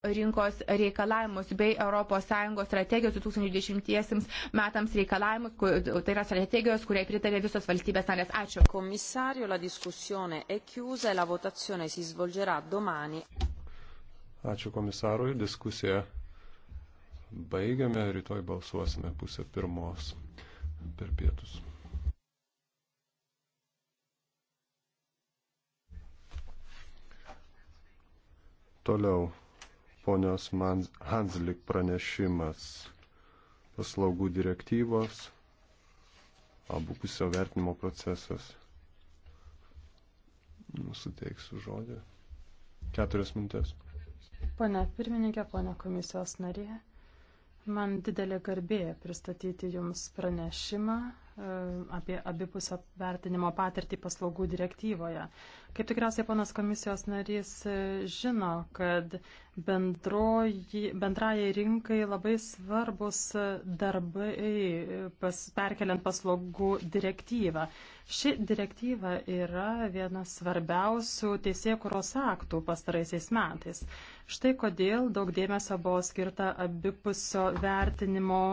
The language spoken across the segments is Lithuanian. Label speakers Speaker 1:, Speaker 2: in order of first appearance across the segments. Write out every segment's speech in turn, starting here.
Speaker 1: rinkos reikalavimus bei ES strategijos 2020 metams reikalavimus, tai yra strategijos, kuriai pritarė visos valstybės narės. Ačiū. Komisario, la
Speaker 2: diskusione è chiusa e la votazione si svolgerà domani.
Speaker 3: Ačiū komisarui, diskusiją baigiame, rytoj balsuosime pusę pirmos per pietus. Toliau ponios Hanslik pranešimas paslaugų direktyvos, abupusio vertinimo procesas. Nusiteiksiu žodį. Keturias minutės.
Speaker 2: Pane pirmininkė, pane komisijos narė, man didelė garbė pristatyti Jums pranešimą E, apie abipusio vertinimo patirtį paslaugų direktyvoje. Kaip tikriausiai panas komisijos narys e, žino, kad bendroji, bendrajai rinkai labai svarbus e, darbai pas, perkeliant paslaugų direktyvą. Ši direktyva yra vienas svarbiausių teisėkuros aktų pastaraisiais metais. Štai kodėl daug dėmesio buvo skirta abipusio vertinimo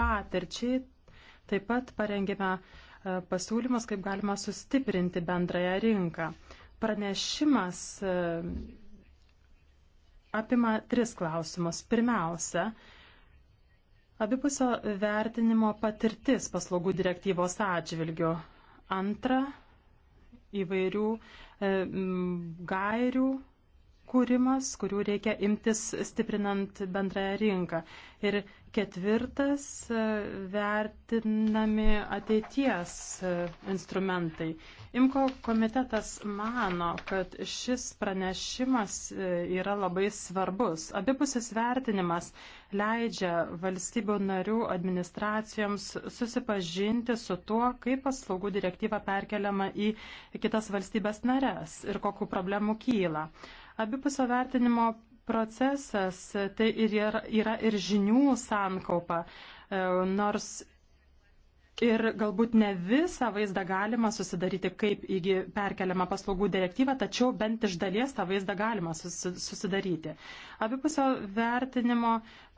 Speaker 2: patirčiai Taip pat parengėme e, pasiūlymus, kaip galima sustiprinti bendrąją rinką. Pranešimas e, apima tris klausimus. Pirmiausia, abipusio vertinimo patirtis paslaugų direktyvos atžvilgiu. Antra, įvairių e, gairių kūrimas, kurių reikia imtis stiprinant bendrąją rinką. Ir ketvirtas vertinami ateities instrumentai. Imko komitetas mano, kad šis pranešimas yra labai svarbus. Abipusis vertinimas leidžia valstybių narių administracijoms susipažinti su tuo, kaip paslaugų direktyva perkeliama į kitas valstybės nares ir kokiu problemu kyla. Abipusio vertinimo procesas tai ir yra, yra ir žinių sankaupa, e, nors ir galbūt ne visą vaizdą galima susidaryti, kaip įgi perkeliama paslaugų direktyva, tačiau bent iš dalies tą vaizdą galima susidaryti. Abipusio vertinimo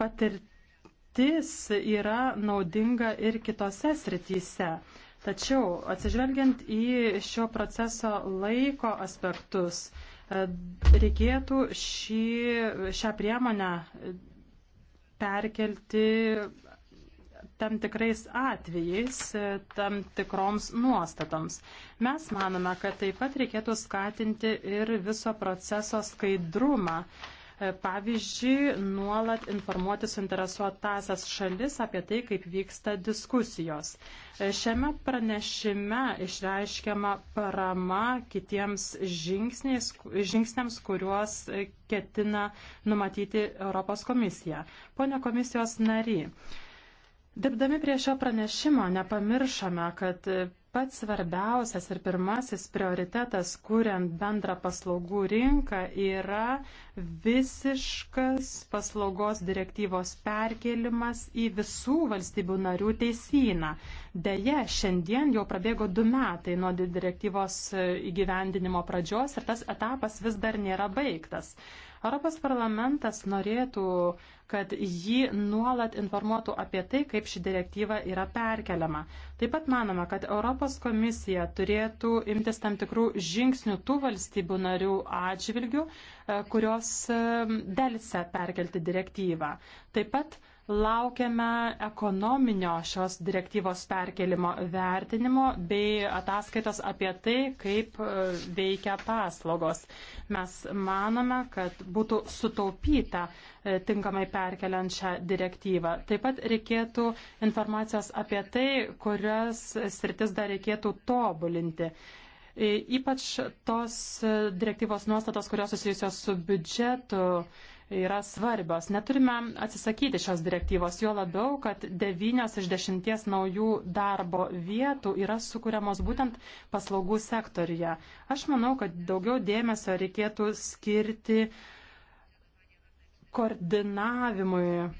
Speaker 2: patirtis yra naudinga ir kitose srityse. Tačiau atsižvelgiant į šio proceso laiko aspektus, Reikėtų šį, šią priemonę perkelti tam tikrais atvejais, tam tikroms nuostatoms. Mes manome, kad taip pat reikėtų skatinti ir viso proceso skaidrumą. E, pavyzdžiui, nuolat informuoti suinteresuotasias šalis apie tai, kaip vyksta diskusijos. E, šiame pranešime išreiškiama parama kitiems žingsniams, kuriuos ketina numatyti Europos komisija. Pone komisijos nary, dirbdami prie šio pranešimo nepamiršome, kad Pats svarbiausias ir pirmasis prioritetas, kuriant bendrą paslaugų rinką, yra visiškas paslaugos direktyvos perkelimas į visų valstybių narių teisyną. Deja, šiandien jau prabėgo du metai nuo direktyvos e, įgyvendinimo pradžios ir tas etapas vis dar nėra baigtas. Europos parlamentas norėtų, kad jį nuolat informuotų apie tai, kaip ši direktyva yra perkeliama. Taip pat manoma, kad Europos komisija turėtų imtis tam tikrų žingsnių tų valstybių narių atžvilgių, e, kurios e, delsia perkelti direktyvą. Taip pat Laukiame ekonominio šios direktyvos perkelimo vertinimo bei ataskaitos apie tai, kaip e, veikia paslaugos. Mes manome, kad būtų sutaupyta e, tinkamai perkeliant šią direktyvą. Taip pat reikėtų informacijos apie tai, kurias sritis dar reikėtų tobulinti. E, ypač tos direktyvos nuostatos, kurios susijusios su biudžetu yra svarbios. Neturime atsisakyti šios direktyvos, jo labiau, kad devynios iš dešimties naujų darbo vietų yra sukūriamos būtent paslaugų sektorija. Aš manau, kad daugiau dėmesio reikėtų skirti koordinavimui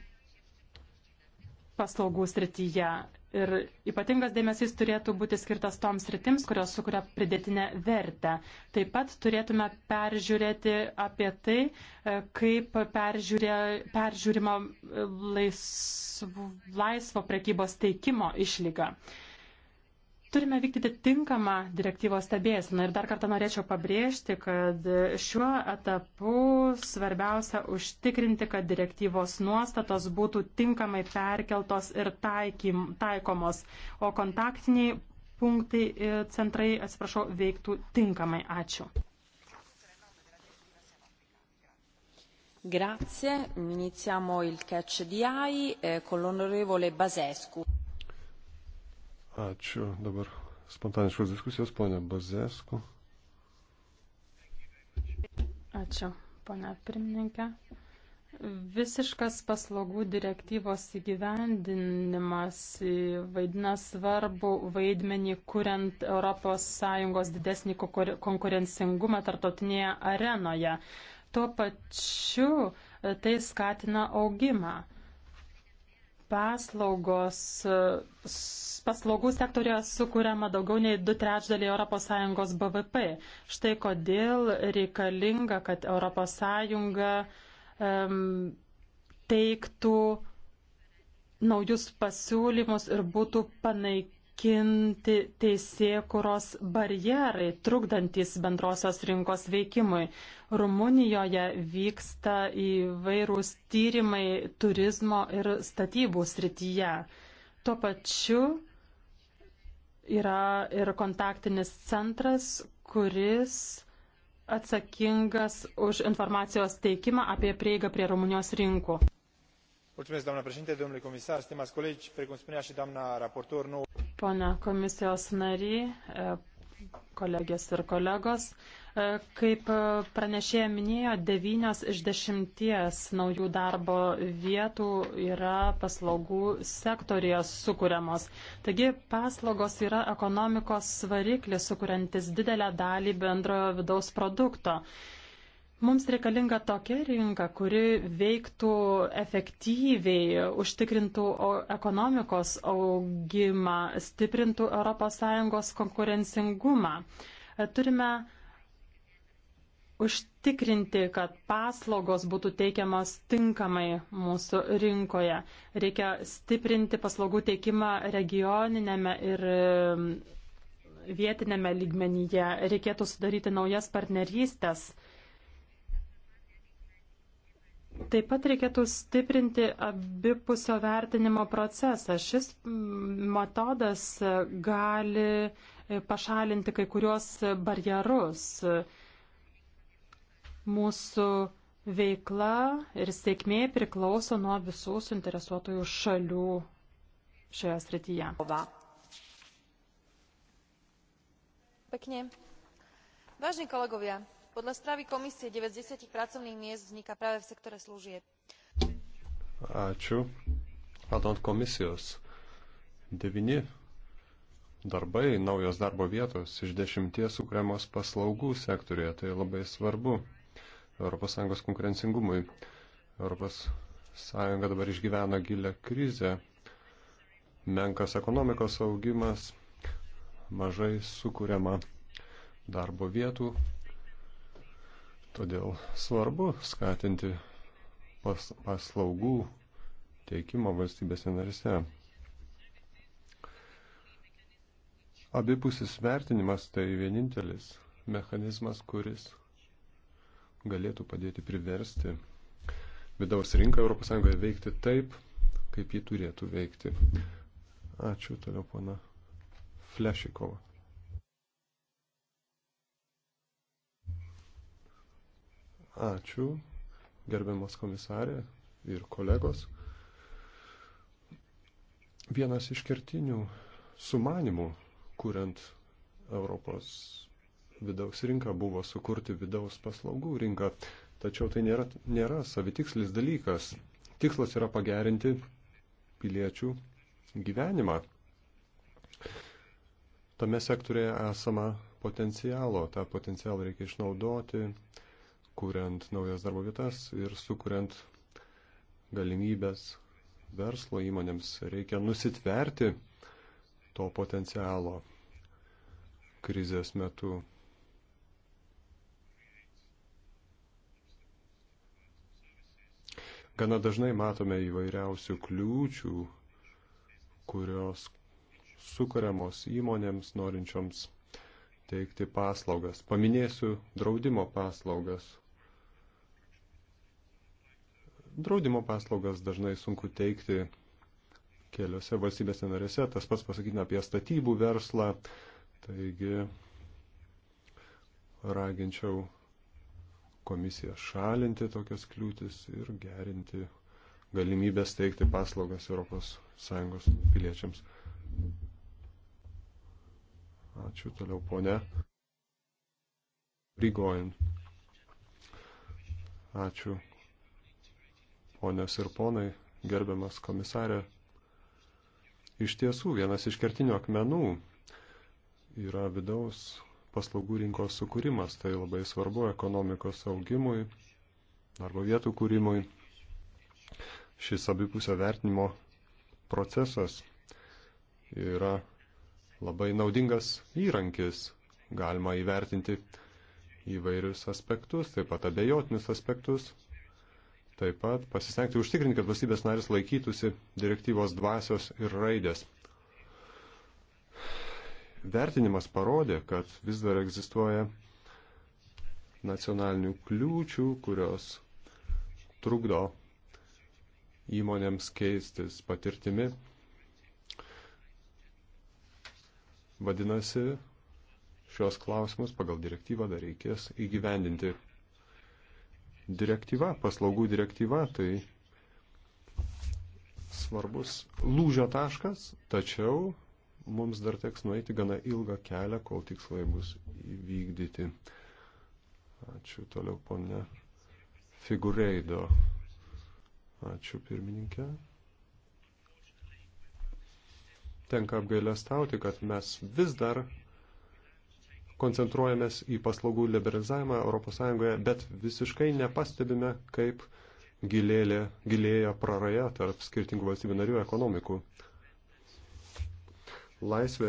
Speaker 2: paslaugų srityje. Ir ypatingas dėmesys turėtų būti skirtas toms rytims, kurios sukuria pridėtinę vertę. Taip pat turėtume peržiūrėti apie tai, e, kaip peržiūrė, peržiūrima e, laisvo, laisvo prekybos teikimo išlyga. Uh, Turime vykdyti tinkamą direktyvos stebėsiną ir dar kartą norėčiau pabrėžti, kad šiuo etapu svarbiausia užtikrinti, kad direktyvos nuostatos būtų tinkamai perkeltos ir taikim, taikomos, o kontaktiniai punktai centrai, atsiprašau, veiktų tinkamai. Ačiū. Grazie, iniziamo il catch di AI eh, con l'onorevole Basescu.
Speaker 3: Ačiū. Dabar spontaniškos diskusijos, ponė Bazesku.
Speaker 2: Ačiū, ponė pirmininkė. Visiškas paslaugų direktyvos įgyvendinimas vaidina svarbu vaidmenį, kuriant ES didesnį konkurencingumą tartotinėje arenoje. Tuo pačiu e, tai skatina augimą paslaugos, paslaugų sektorija sukūriama daugiau nei du trečdaliai ES BVP. Štai kodėl reikalinga, kad ES um, teiktų naujus pasiūlymus ir būtų panaik, panaikinti teisėkuros barjerai, trukdantis bendrosios rinkos veikimui. Rumunijoje vyksta įvairūs tyrimai turizmo ir statybų srityje. Tuo pačiu yra ir kontaktinis centras, kuris atsakingas už informacijos teikimą apie prieigą prie Rumunijos rinkų
Speaker 3: precum spunea i doamna raportor nouă
Speaker 2: Pone komisijos nariai, e, kolegės ir kolegos, e, kaip pranešėja minėjo, devynios iš dešimties naujų darbo vietų yra paslaugų sektorija sukūriamos. Taigi paslaugos yra ekonomikos svariklis, sukuriantis didelę dalį bendrojo vidaus produkto. Mums reikalinga tokia rinka, kuri veiktų efektyviai, užtikrintų ekonomikos augimą, stiprintų ES konkurencingumą. Turime užtikrinti, kad paslaugos būtų teikiamos tinkamai mūsų rinkoje. Reikia stiprinti paslaugų teikimą regioninėme ir um, vietinėme lygmenyje. Reikėtų sudaryti naujas partnerystės Taip pat reikėtų stiprinti abipusio vertinimo procesą. Šis mm, metodas gali pašalinti kai kuriuos barjerus. Mūsų veikla ir sėkmė priklauso nuo visų suinteresuotųjų šalių šioje srityje. Pekne.
Speaker 1: Vážení kolegovia, podľa správy komisie nine z ten pracovných miest vzniká práve v sektore služieb.
Speaker 3: Ačiū. Atant komisijos. Devini darbai, naujos darbo vietos iš dešimties sukūriamos paslaugų sektorėje. Tai labai svarbu ES konkurencingumui. ES dabar išgyvena gilę krizę, menkas ekonomikos augimas, mažai sukūriama darbo vietų, Todėl svarbu skatinti pas, paslaugų teikimo valstybėse narise. Abipusis vertinimas tai vienintelis mechanizmas, kuris galėtų padėti priversti vidaus rinką ES veikti taip, kaip ji turėtų veikti. Ačiū toliau, pana Flešikova. Ačiū, gerbiamas komisarė ir kolegos. Vienas iš kertinių sumanimų, kuriant Europos vidaus rinką, buvo sukurti vidaus paslaugų rinką. Tačiau tai nėra, nėra savitikslis dalykas. Tikslas yra pagerinti piliečių gyvenimą. Tame sektorėje esama potencialo, tą potencialą reikia išnaudoti, kuriant naujas darbo vietas ir sukuriant galimybės verslo įmonėms. Reikia nusitverti to potencialo krizės metu. Gana dažnai matome įvairiausių kliūčių, kurios sukuriamos įmonėms norinčioms teikti paslaugas. Paminėsiu draudimo paslaugas. Draudimo paslaugas dažnai sunku teikti keliose valstybėse narėse, tas pats pasakytina apie statybų verslą, taigi raginčiau komisiją šalinti tokias kliūtis ir gerinti galimybės teikti paslaugas ES piliečiams. Ačiū toliau, ponė. Rygojant. Ačiū, ponios ir ponai, gerbiamas komisarė, iš tiesų vienas iš kertinių akmenų yra vidaus paslaugų rinkos sukūrimas. Tai labai svarbu ekonomikos augimui, darbo vietų kūrimui. Šis abipusio vertinimo procesas yra labai naudingas įrankis. Galima įvertinti įvairius aspektus, taip pat abejotinus aspektus, Taip pat pasistengti užtikrinti, kad valstybės narės laikytųsi direktyvos dvasios ir raidės. Vertinimas parodė, kad vis dar egzistuoja nacionalinių kliūčių, kurios trukdo įmonėms keistis patirtimi. Vadinasi, šios klausimus pagal direktyvą dar reikės įgyvendinti direktyva, paslaugų direktyva, tai svarbus lūžio taškas, tačiau mums dar teks nueiti gana ilgą kelią, kol tikslai bus įvykdyti. Ačiū toliau, ponė Figureido. Ačiū pirmininkė. Tenka apgailestauti, kad mes vis dar koncentruojamės į paslaugų liberalizavimą ES, bet visiškai nepastebime, kaip gilėlė, gilėja praraja tarp skirtingų valstybių narių ekonomikų. Laisvė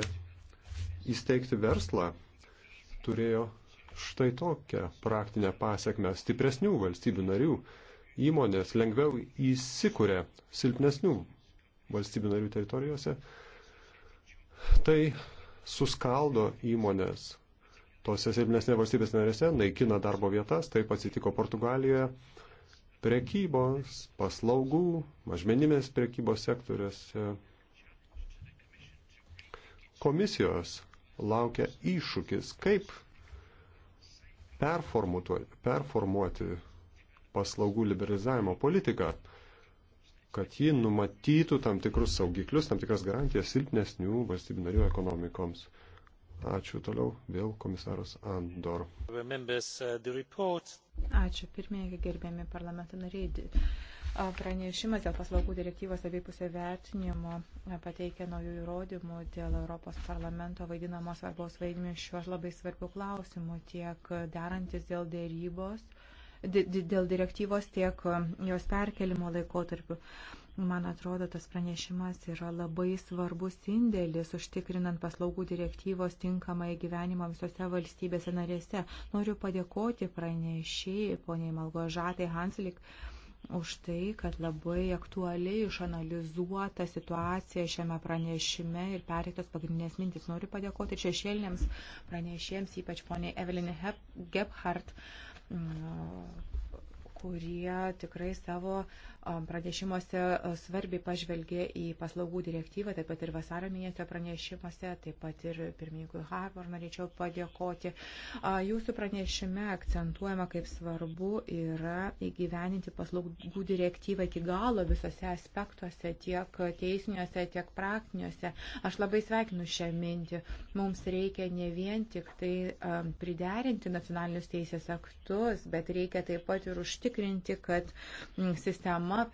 Speaker 3: įsteigti verslą turėjo štai tokią praktinę pasiekmę stipresnių valstybių narių. Įmonės lengviau įsikūrė silpnesnių valstybių narių teritorijose. Tai suskaldo įmonės, tose silpnesnė valstybės narėse naikina darbo vietas, taip atsitiko Portugalijoje, prekybos, paslaugų, mažmeninės prekybos sektoriuose. Komisijos laukia iššūkis, kaip performuoti paslaugų liberalizavimo politiką, kad ji numatytų tam tikrus saugiklius, tam tikras garantijas silpnesnių valstybių narių ekonomikoms. Ačiū toliau vėl komisaras Andor.
Speaker 2: Uh,
Speaker 1: Ačiū pirmininkai gerbėmi parlamento nariai. Pranešimas dėl paslaugų direktyvos abipusio vertinimo pateikia naujų įrodymų dėl Europos parlamento vaidinamo svarbos vaidmenį šiuo labai svarbiu klausimu, tiek derantis dėl dėrybos, dėl direktyvos, tiek jos perkelimo laikotarpiu. Man atrodo, tas pranešimas yra labai svarbus indėlis užtikrinant paslaugų direktyvos tinkamą įgyvenimą visose valstybėse narėse. Noriu padėkoti pranešėjai, poniai Malgožatai Hanslik, už tai, kad labai aktualiai išanalizuota situacija šiame pranešime ir perėktos pagrindinės mintis. Noriu padėkoti šešėlėms pranešėjams, ypač poniai Evelyn Gebhardt mm, kurie tikrai savo um, pranešimuose uh, svarbiai pažvelgė į paslaugų direktyvą, taip pat ir vasario mėnesio pranešimuose, taip pat ir pirmininkui Harvard norėčiau padėkoti. Jūsų pranešime akcentuojama, kaip svarbu yra įgyveninti paslaugų direktyvą iki galo visose aspektuose, tiek teisiniuose, tiek praktiniuose. Aš labai sveikinu šią mintį. Mums reikia ne vien tik tai um, priderinti nacionalinius teisės aktus, bet reikia taip pat ir užtikrinti užtikrinti, kad mm, sistema,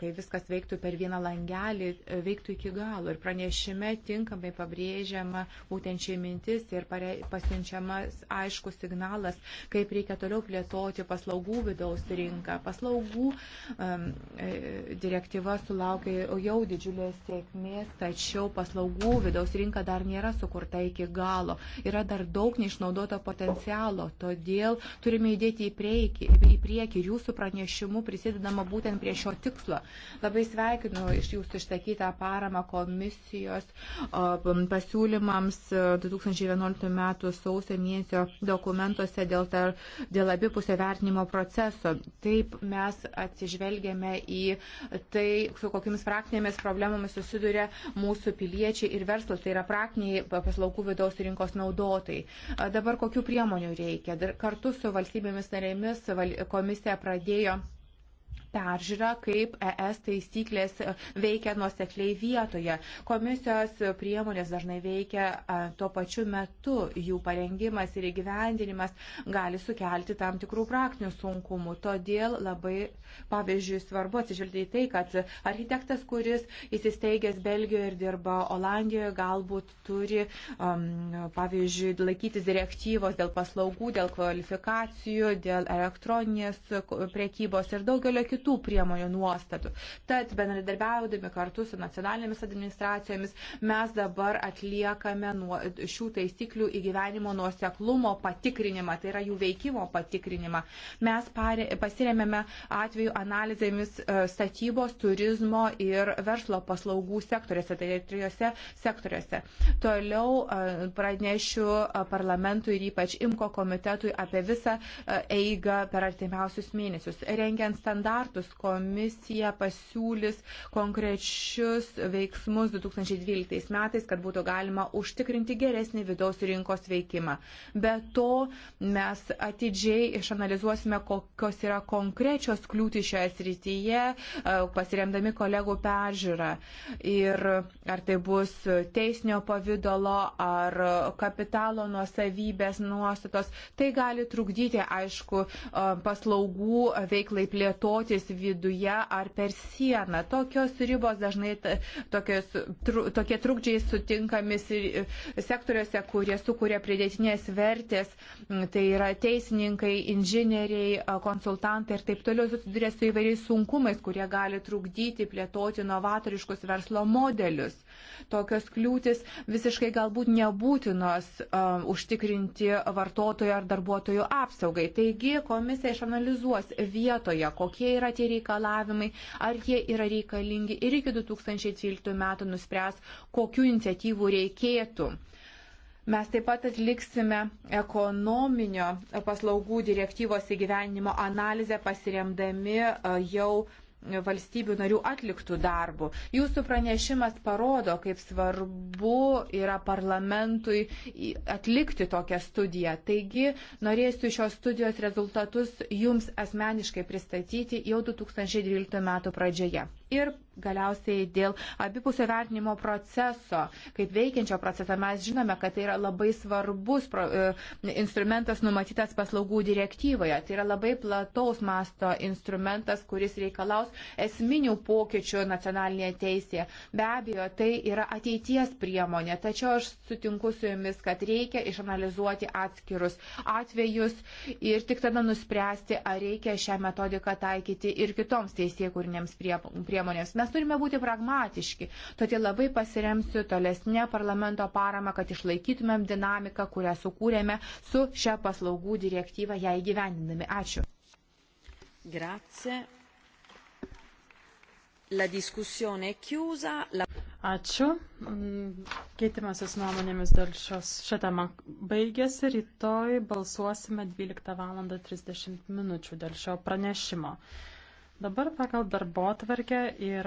Speaker 1: kai viskas veiktų per vieną langelį, e, veiktų iki galo. Ir pranešime tinkamai pabrėžiama būtent šiai mintis ir pasiunčiamas aiškus signalas, kaip reikia toliau plėtoti paslaugų vidaus rinką. Paslaugų um, direktyva sulaukė jau didžiulės sėkmės, tačiau paslaugų vidaus rinka dar nėra sukurta iki galo. Yra dar daug neišnaudoto potencialo, todėl turime įdėti į priekį, į priekį ir jūsų pranešimu prisidedama būtent prie šio tikslo. Labai sveikinu iš jūsų išsakytą paramą komisijos pasiūlymams 2011 e, m. sausio mėnesio dokumentuose dėl, tar, dėl abipusio vertinimo proceso. Taip mes atsižvelgėme į tai, su kokiamis praktinėmis problemomis susiduria mūsų piliečiai ir verslas. Tai yra praktiniai paslaugų vidaus rinkos naudotojai. Dabar kokių priemonių reikia? Dar kartu su valstybėmis narėmis komisija pradėjo peržiūrą, kaip ES taisyklės e, veikia nuosekliai vietoje. Komisijos priemonės dažnai veikia e, tuo pačiu metu, jų parengimas ir įgyvendinimas gali sukelti tam tikrų praktinių sunkumų. Todėl labai, pavyzdžiui, svarbu atsižvelgti į tai, kad architektas, kuris įsisteigęs Belgijoje ir dirba Olandijoje, galbūt turi, um, pavyzdžiui, laikytis direktyvos dėl paslaugų, dėl kvalifikacijų, dėl elektroninės priekybos ir daugelio kitų kitų priemonių nuostatų. Tad bendradarbiaudami kartu su nacionalinėmis administracijomis mes dabar atliekame nuo, šių taisyklių įgyvenimo nuoseklumo patikrinimą, tai yra jų veikimo patikrinimą. Mes parė, pasiremėme atveju analizėmis e, statybos, turizmo ir verslo paslaugų sektoriuose, tai trijose sektoriuose. Toliau e, pranešiu e, parlamentui ir ypač IMKO komitetui apie visą eigą per artimiausius mėnesius. Rengiant standartus, aktus. Komisija pasiūlys konkrečius veiksmus 2012 metais, kad būtų galima užtikrinti geresnį vidaus rinkos veikimą. Be to, mes atidžiai išanalizuosime, kokios yra konkrečios kliūtis šioje srityje, e, pasiremdami kolegų peržiūrą. Ir ar tai bus teisinio pavydalo, ar kapitalo nuosavybės nuostatos, tai gali trukdyti, aišku, e, paslaugų veiklai plėtotis šalies viduje ar per sieną. Tokios ribos dažnai tokios, tru, tokie trukdžiai sutinkami sektoriuose, kurie sukuria pridėtinės vertės. Tai yra teisininkai, inžinieriai, konsultantai ir taip toliau susiduria su įvairiais sunkumais, kurie gali trukdyti plėtoti novatoriškus verslo modelius. Tokios kliūtis visiškai galbūt nebūtinos um, užtikrinti vartotojų ar darbuotojų apsaugai. Taigi komisija išanalizuos vietoje, kokie yra yra tie reikalavimai, ar jie yra reikalingi ir iki 2013 metų nuspręs, kokiu iniciatyvų reikėtų. Mes taip pat atliksime ekonominio paslaugų direktyvos įgyvenimo analizę pasiremdami e, jau valstybių narių atliktų darbų. Jūsų pranešimas parodo, kaip svarbu yra parlamentui atlikti tokią studiją. Taigi norėsiu šios studijos rezultatus jums asmeniškai pristatyti jau 2012 m. pradžioje ir galiausiai dėl abipusio vertinimo proceso, kaip veikiančio proceso. Mes žinome, kad tai yra labai svarbus pro, e, instrumentas numatytas paslaugų direktyvoje. Tai yra labai plataus masto instrumentas, kuris reikalaus esminių pokyčių nacionalinėje teisėje. Be abejo, tai yra ateities priemonė, tačiau aš sutinku su jumis, kad reikia išanalizuoti atskirus atvejus ir tik tada nuspręsti, ar reikia šią metodiką taikyti ir kitoms teisėkurnėms priemonėms priemonėms. Mes turime būti pragmatiški, todėl labai pasiremsiu tolesnė parlamento parama, kad išlaikytumėm dinamiką, kurią sukūrėme su šia paslaugų direktyva ją įgyvendinami. Ačiū.
Speaker 2: Grazie. La discussione è chiusa. La... Ačiū. Mm, keitimasis nuomonėmis dėl šios šią temą baigėsi. Rytoj balsuosime 12 val. 30 min. dėl šio pranešimo. Dabar pagal darbo tvarkę yra.